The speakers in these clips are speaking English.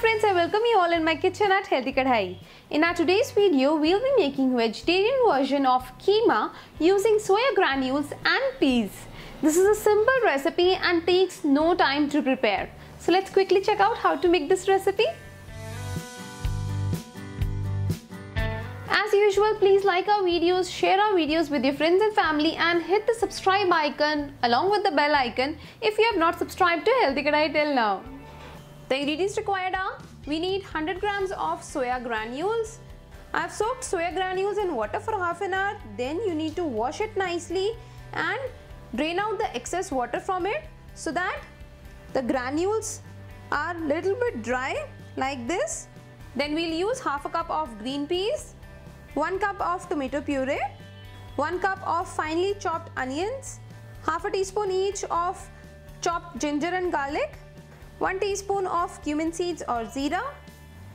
friends, I welcome you all in my kitchen at Healthy Kadhai. In our today's video, we'll be making vegetarian version of keema using soya granules and peas. This is a simple recipe and takes no time to prepare. So let's quickly check out how to make this recipe. As usual, please like our videos, share our videos with your friends and family and hit the subscribe icon along with the bell icon if you have not subscribed to Healthy Kadhai till now. The ingredients required are we need 100 grams of soya granules. I have soaked soya granules in water for half an hour. Then you need to wash it nicely and drain out the excess water from it so that the granules are little bit dry like this. Then we'll use half a cup of green peas, 1 cup of tomato puree, 1 cup of finely chopped onions, half a teaspoon each of chopped ginger and garlic, 1 teaspoon of cumin seeds or zira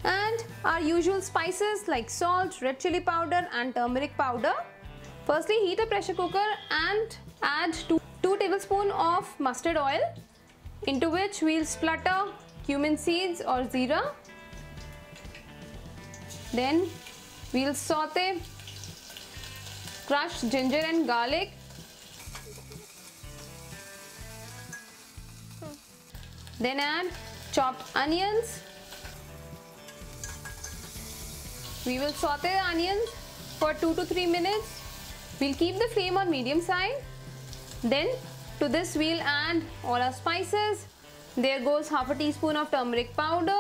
and our usual spices like salt, red chili powder and turmeric powder. Firstly heat a pressure cooker and add 2, two tablespoons of mustard oil into which we'll splutter cumin seeds or zira. Then we'll saute crushed ginger and garlic Then add chopped onions. We will saute the onions for 2 to 3 minutes. We'll keep the flame on medium side. Then to this we'll add all our spices. There goes half a teaspoon of turmeric powder,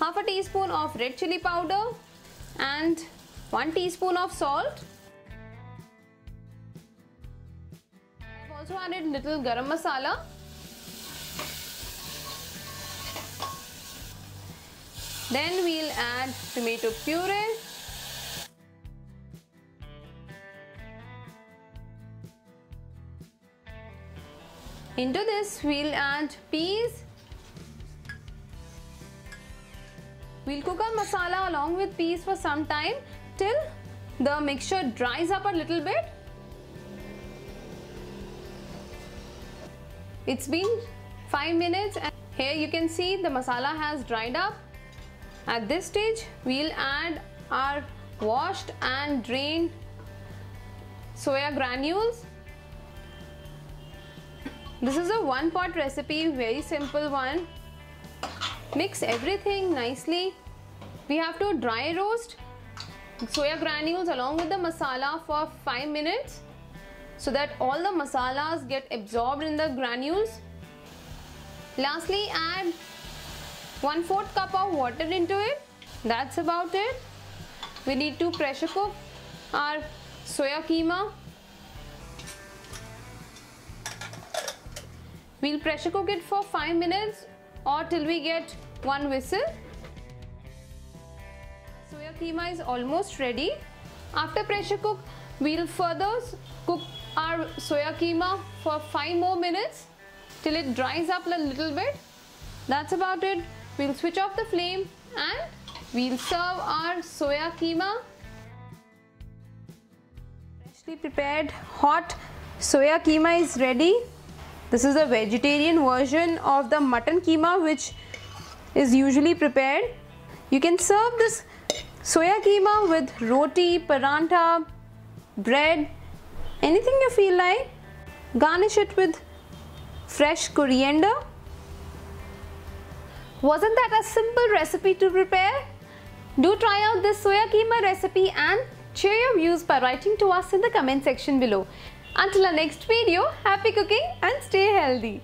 half a teaspoon of red chili powder and 1 teaspoon of salt. I've also added little garam masala Then we'll add tomato puree. Into this we'll add peas. We'll cook our masala along with peas for some time till the mixture dries up a little bit. It's been 5 minutes and here you can see the masala has dried up. At this stage, we'll add our washed and drained soya granules. This is a one pot recipe, very simple one. Mix everything nicely. We have to dry roast soya granules along with the masala for 5 minutes so that all the masalas get absorbed in the granules. Lastly, add 1 4th cup of water into it. That's about it. We need to pressure cook our soya keema. We'll pressure cook it for 5 minutes or till we get one whistle. Soya keema is almost ready. After pressure cook, we'll further cook our soya keema for 5 more minutes till it dries up a little bit. That's about it. We'll switch off the flame and we'll serve our soya keema. Freshly prepared hot soya keema is ready. This is a vegetarian version of the mutton keema which is usually prepared. You can serve this soya keema with roti, paranta, bread, anything you feel like. Garnish it with fresh coriander wasn't that a simple recipe to prepare? Do try out this soya keema recipe and share your views by writing to us in the comment section below. Until our next video, happy cooking and stay healthy.